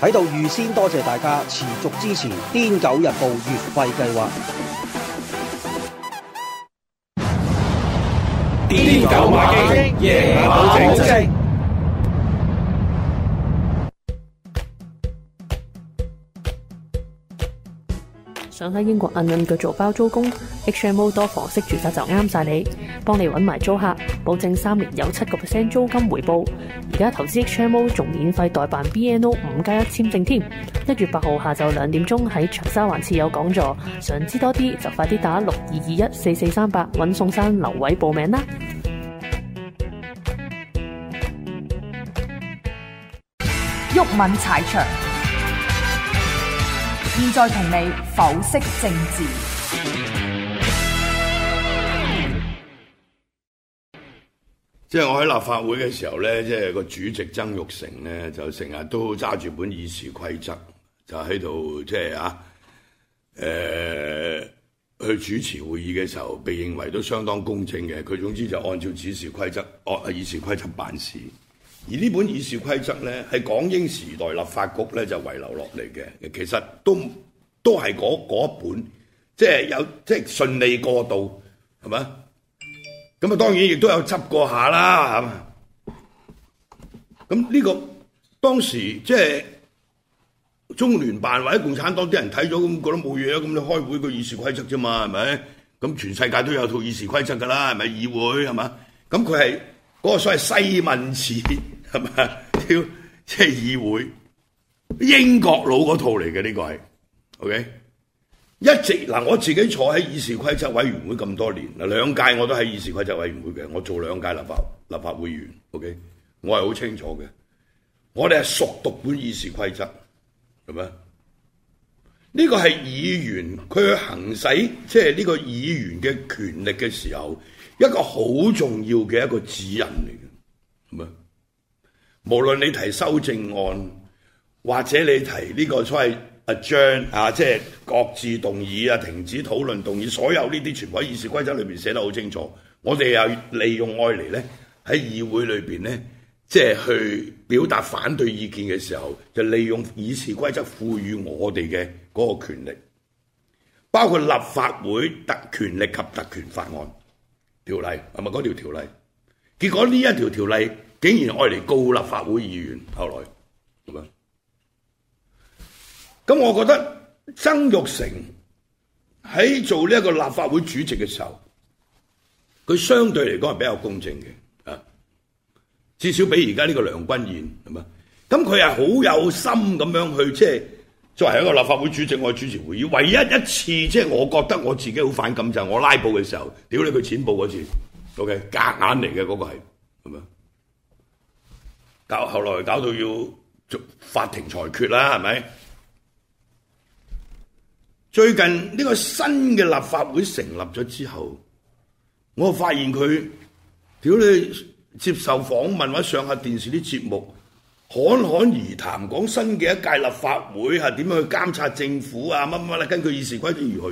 喺度預先多謝大家持續支持《癲狗日報》月費計劃。癲狗馬經，夜 Yeah, 馬想喺英國揞揞腳做包租公，HMO 多房式住宅就啱晒你，幫你揾埋租客，保證三年有七個 percent 租金回報。而家投資 HMO 仲免費代辦 BNO 五加一簽證添。一月八號下晝兩點鐘喺長沙灣設有講座，想知多啲就快啲打六二二一四四三八揾宋生劉偉報名啦。毓民踩場。現在同你剖析政治，即係我喺立法會嘅時候咧，即係個主席曾鈺成咧，就成日都揸住本議事規則，就喺度即係啊，誒、呃、去主持會議嘅時候，被認為都相當公正嘅。佢總之就按照指示規則，按議事規則辦事。而呢本議事規則咧，係港英時代立法局咧就遺留落嚟嘅，其實都都係嗰本，即係有即係順利過渡，係咪？咁啊，當然亦都有執過下啦，係嘛？咁呢個當時即係中聯辦或者共產黨啲人睇咗，咁覺得冇嘢，咁你開會個議事規則啫嘛，係咪？咁全世界都有套議事規則㗎啦，係咪議會係嘛？咁佢係嗰個所謂西文詞。係咪？要即係議會英國佬嗰套嚟嘅呢個係，OK？一直嗱，我自己坐喺議事規則委員會咁多年，嗱兩屆我都喺議事規則委員會嘅，我做兩屆立法立法會員，OK？我係好清楚嘅，我哋係熟讀本議事規則，係咪？呢個係議員佢行使即係呢個議員嘅權力嘅時候，一個好重要嘅一個指引嚟嘅，係咪？無論你提修正案，或者你提呢個所謂 adjourn 啊，即係各自動議啊，停止討論動議，所有呢啲全部喺議事規則裏邊寫得好清楚。我哋又利用愛嚟咧喺議會裏邊咧，即係去表達反對意見嘅時候，就利用議事規則賦予我哋嘅嗰個權力，包括立法會特權力及特權法案條例，係咪嗰條條例。結果呢一條條例。竟然愛嚟告立法會議員，後來係咪？咁我覺得曾玉成喺做呢一個立法會主席嘅時候，佢相對嚟講係比較公正嘅啊。至少比而家呢個梁君彥係咪？咁佢係好有心咁樣去即係、就是、作為一個立法會主席，我去主持會議。唯一一次即係我覺得我自己好反感就係、是、我拉布嘅時候，屌你佢剪布嗰次，OK 隔硬嚟嘅嗰個係係搞後來搞到要做法庭裁決啦，係咪？最近呢、這個新嘅立法會成立咗之後，我發現佢屌你接受訪問或者上下電視啲節目侃侃而談，講新嘅一屆立法會係點樣去監察政府啊？乜乜根據議事規定如何？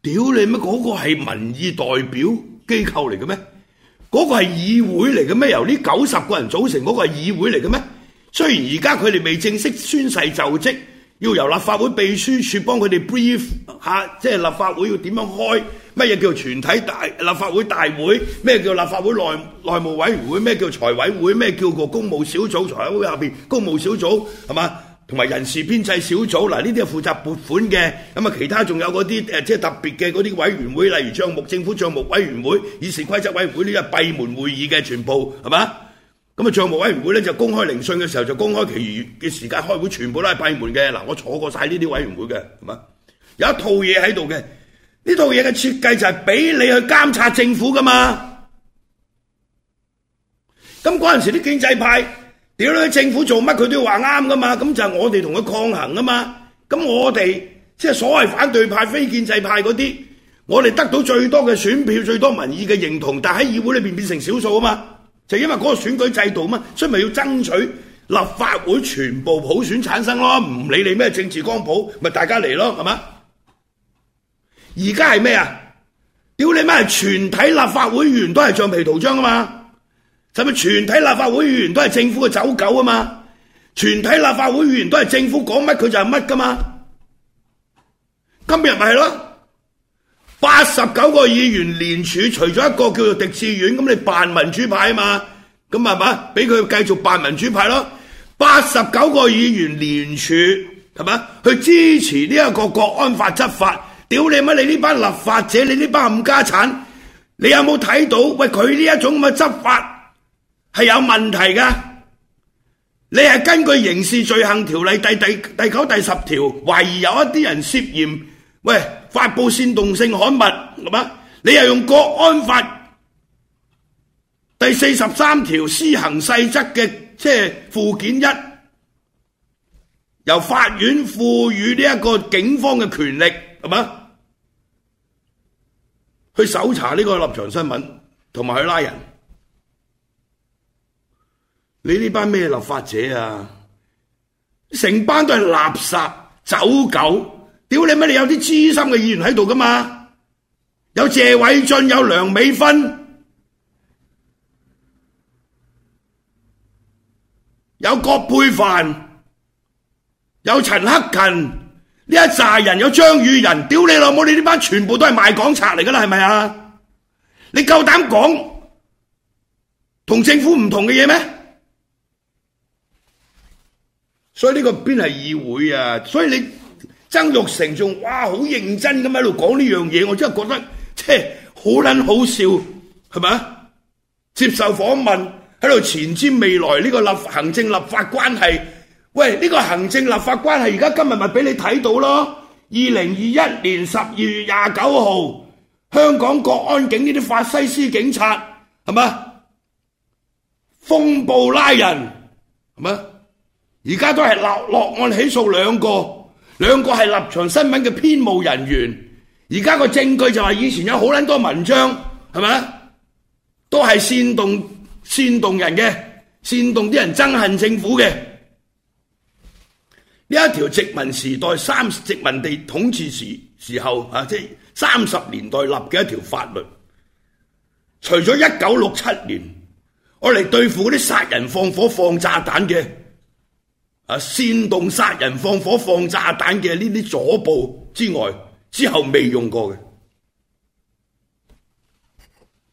屌你乜嗰、那個係民意代表機構嚟嘅咩？嗰個係議會嚟嘅咩？由呢九十個人組成，嗰個係議會嚟嘅咩？雖然而家佢哋未正式宣誓就職，要由立法會秘書處幫佢哋 brief 下，即立法會要點樣開？乜嘢叫全體大立法會大會？咩叫立法會內內務委員會？咩叫財委會？咩叫個公務小組？財委會下邊公務小組係嘛？同埋人事編制小組，呢啲係負責撥款嘅，咁啊其他仲有嗰啲誒即係特別嘅嗰啲委員會，例如帳目政府帳目委員會、議事規則委員會呢啲係閉門會議嘅，全部係嘛？咁啊帳目委員會咧就公開聆訊嘅時候就公開其餘嘅時間開會，全部都係閉門嘅。嗱我坐過晒呢啲委員會嘅，係嘛？有一套嘢喺度嘅，呢套嘢嘅設計就係俾你去監察政府噶嘛。咁嗰陣時啲經濟派。屌你，政府做乜佢都要話啱噶嘛？咁就是我哋同佢抗衡啊嘛！咁我哋即係所謂反對派、非建制派嗰啲，我哋得到最多嘅選票、最多民意嘅認同，但喺議會裏面變成少數啊嘛！就因為嗰個選舉制度嘛，所以咪要爭取立法會全部普選產生咯，唔理你咩政治光譜，咪大家嚟咯，係嘛？而家係咩啊？屌你媽！全體立法會員都係橡皮圖章啊嘛！係咪全體立法會議員都係政府嘅走狗吖嘛，全體立法會議員都係政府講乜佢就係乜㗎嘛？今日咪係咯，八十九個議員連署，除咗一個叫做狄志遠，咁你辦民主派啊嘛？咁係咪？俾佢繼續辦民主派咯。八十九個議員連署係咪？去支持呢一個國安法執法，屌你乜？你呢班立法者，你呢班冚家鏟，你有冇睇到喂佢呢一種咁嘅執法？係有問題噶，你係根據刑事罪行條例第第第九、第十條，懷疑有一啲人涉嫌喂，發布煽動性刊物，係嘛？你又用國安法第四十三條施行細則嘅即係附件一，由法院賦予呢一個警方嘅權力，係嘛？去搜查呢個立場新聞，同埋去拉人。你呢班咩立法者啊？成班都係垃圾走狗，屌你媽！你有啲資深嘅議員喺度噶嘛？有謝偉俊，有梁美芬，有葛珮帆，有陳克勤呢一紮人，有張宇人，屌你老母！你呢班全部都係賣港賊嚟噶啦，係咪啊？你夠膽講同政府唔同嘅嘢咩？所以呢個邊係議會啊？所以你曾鈺成仲哇好認真咁喺度講呢樣嘢，我真係覺得，即係好撚好笑，係咪啊？接受訪問喺度前瞻未來呢個立行政立法關係，喂，呢、呢個行政立法關係而家今日咪俾你睇到咯？二零二一年十二月廿九號，香港國安警呢啲法西斯警察係咪啊？風暴拉人係咪？是吧。而家都係立落案起訴兩個，兩個係立場新聞嘅編務人員。而家個證據就係以前有好撚多文章，係嘛？都係煽動、煽動人嘅，煽動啲人憎恨政府嘅。呢一條殖民時代三殖民地統治時時候啊，即三十年代立嘅一條法律。除咗一九六七年，用嚟對付嗰啲殺人、放火、放炸彈嘅。啊！煽動殺人、放火、放炸彈嘅呢啲左部之外，之後未用過嘅，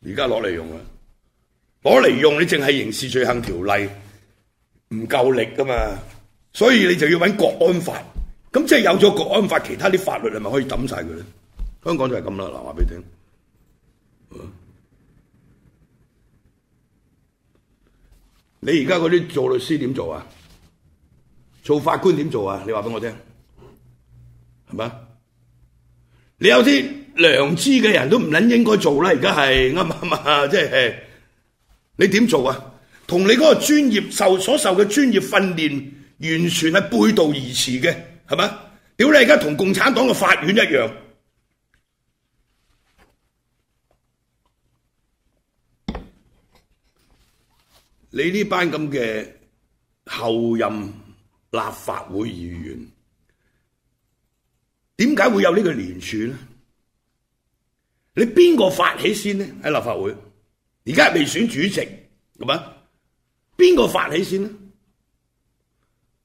而家攞嚟用啦，攞嚟用你淨係刑事罪行條例唔夠力㗎嘛，所以你就要揾國安法，咁即係有咗國安法，其他啲法律係咪可以抌晒佢咧？香港就係咁啦，嗱，話俾你聽，你而家嗰啲做律師點做啊？做法官點做啊？你話俾我聽，係嘛？你有啲良知嘅人都唔撚應該做啦，而家係啱嘛？即係、就是、你點做啊？同你嗰個專業受所受嘅專業訓練完全係背道而馳嘅，係嘛？屌你而家同共產黨嘅法院一樣，你呢班咁嘅後任。立法會議員點解會有呢個連署呢？你邊個發起先呢？喺立法會而家未選主席，係嘛？邊個發起先咧？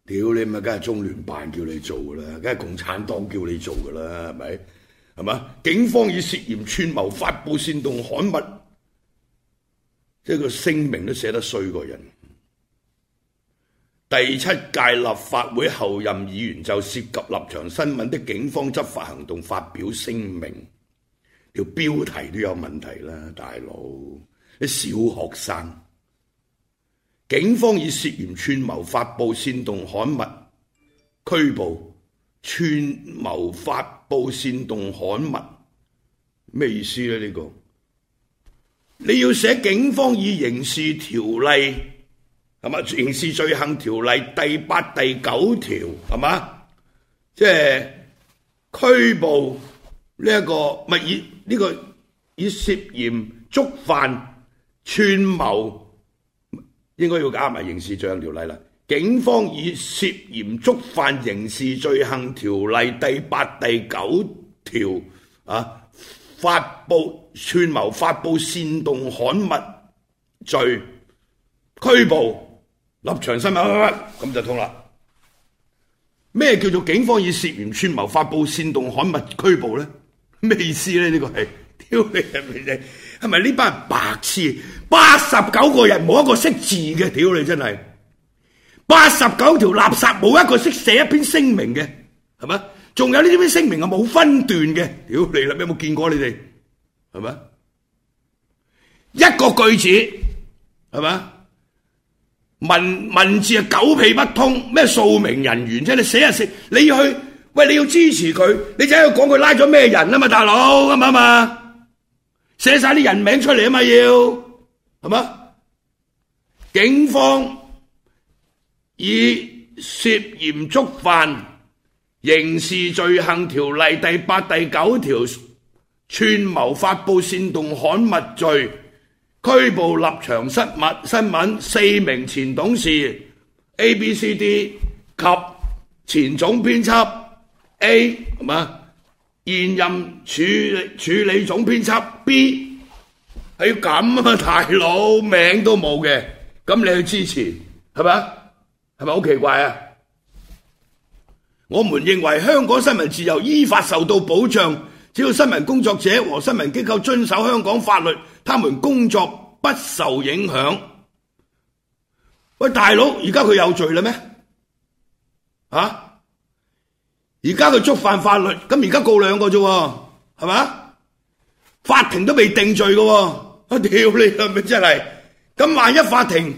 屌你咪梗係中聯辦叫你做噶啦，梗係共產黨叫你做噶啦，係咪？係嘛？警方以涉嫌串謀發佈煽動刊物，即係個聲明都寫得衰過人。第七屆立法會候任議員就涉及立場新聞的警方執法行動發表聲明，條標題都有問題啦，大佬啲小學生，警方以涉嫌串謀發佈煽動刊物拘捕串謀發佈煽動刊物，咩意思咧？呢個你要寫警方以刑事條例。刑事罪行條例第八、第九條，係咪，即係拘捕呢一個，唔係以呢個以涉嫌觸犯串謀，應該要加埋刑事罪行條例啦。警方以涉嫌觸犯刑事罪行條例第八、第九條啊，發佈串謀、發佈煽動刊物罪拘捕。立場新聞咁、啊、就通啦。咩叫做警方以涉嫌串謀發布煽動刊物拘捕咧？咩意思咧？呢個係屌你啊！你係咪呢班白痴？八十九個人冇一個識字嘅，屌你真係！八十九條垃圾，冇一個識寫一篇聲明嘅，係咪？仲有呢啲篇聲明係冇分段嘅？屌你啦！你有冇見過你哋？係咪？一個句子，係嘛？文文字啊，狗屁不通，咩數名人員啫？你寫啊寫，你要去喂，你要支持佢，你就喺度講佢拉咗咩人啊嘛大佬，啱唔啱啊？寫晒啲人名出嚟啊嘛要係嘛？是是警方以涉嫌觸犯刑事罪行條例第八、第九條串謀發佈煽動刊物罪。拘捕立場失物新聞四名前董事 A、B、C、D 及前總編輯 A，係嘛，現任處理處理總編輯 B。係要咁啊，大佬，名都冇嘅，咁你去支持係咪啊？係咪好奇怪啊？我們認為香港新聞自由依法受到保障。只要新聞工作者和新聞機構遵守香港法律，他們工作不受影響。喂，大佬，而家佢有罪啦咩？啊，而家佢觸犯法律，咁而家告兩個啫喎，係咪？法庭都未定罪嘅喎，我屌你啦，咪真係？咁萬一法庭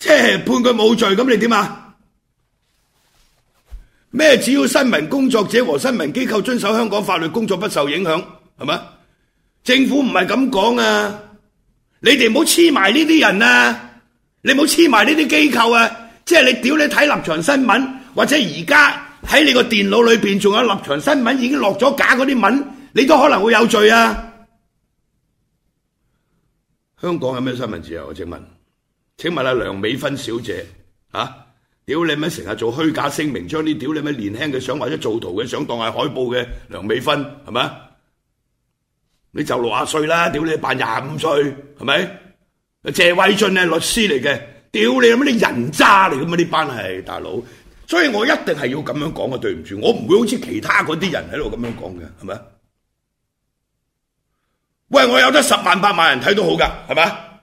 即係判佢冇罪，咁你點啊？咩？只要新聞工作者和新聞機構遵守香港法律，工作不受影響，係咪啊？政府唔係咁講啊！你哋唔好黐埋呢啲人啊！你唔好黐埋呢啲機構啊！即係你屌你睇立場新聞，或者而家喺你個電腦裏邊仲有立場新聞已經落咗假嗰啲文，你都可能會有罪啊！香港有咩新聞自由？我請問？請問阿梁美芬小姐啊？屌你咪成日做虛假聲明，將啲屌你咪年輕嘅相或者做圖嘅相當係海報嘅梁美芬，係咪？你就六十歲啦，屌你扮廿五歲，係咪？謝偉俊係律師嚟嘅，屌你咁啊！人渣嚟咁啊！呢班係大佬，所以我一定係要咁樣講啊！對唔住，我唔會好似其他嗰啲人喺度咁樣講嘅，係咪？喂，我有得十萬八萬人睇都好噶，係咪？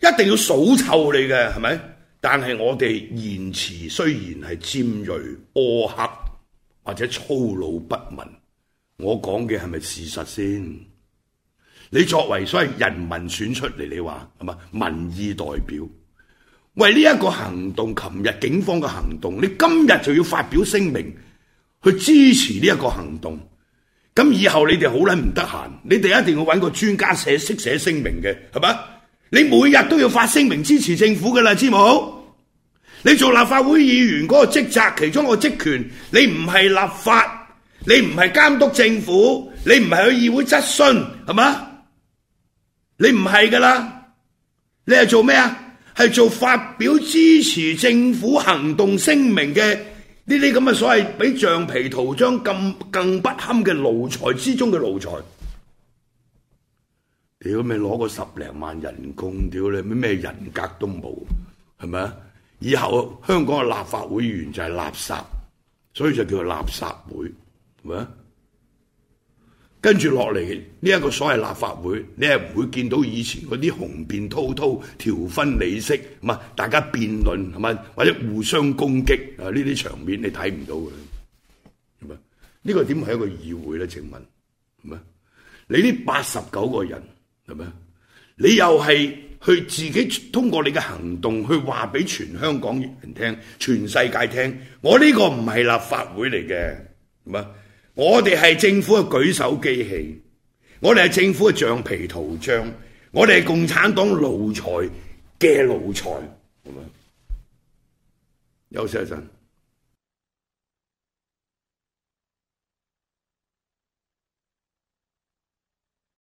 一定要數臭你嘅，係咪？但係我哋言辭雖然係尖銳、苛、呃、刻或者粗魯不文，我講嘅係咪事實先？你作為所謂人民選出嚟，你話係嘛民意代表，為呢一個行動，琴日警方嘅行動，你今日就要發表聲明去支持呢一個行動。咁以後你哋好啦，唔得閒，你哋一定要揾個專家寫，識寫聲明嘅，係嘛？你每日都要發聲明支持政府噶啦，知冇？你做立法會議員嗰個職責，其中個職權，你唔係立法，你唔係監督政府，你唔係去議會質詢，係嘛？你唔係噶啦，你係做咩啊？係做發表支持政府行動聲明嘅呢啲咁嘅所謂比橡皮圖章咁更，更不堪嘅奴才之中嘅奴才。屌，你攞個十零萬人工，屌你咩咩人格都冇，係咪啊？以後香港嘅立法會員就係垃圾，所以就叫做垃圾會，係咪啊？跟住落嚟呢一個所謂立法會，你係唔會見到以前嗰啲雄辯滔滔、條分縷析，係嘛，大家辯論係咪，或者互相攻擊啊？呢啲場面你睇唔到嘅，係咪？呢、這個點係一個議會咧？請問，係咪？你呢八十九個人係咪？你又係？佢自己通過你嘅行動去話俾全香港人聽，全世界聽。我呢個唔係立法會嚟嘅，係嘛？我哋係政府嘅舉手機器，我哋係政府嘅橡皮圖章，我哋係共產黨奴才嘅奴才，係咪？休息一陣。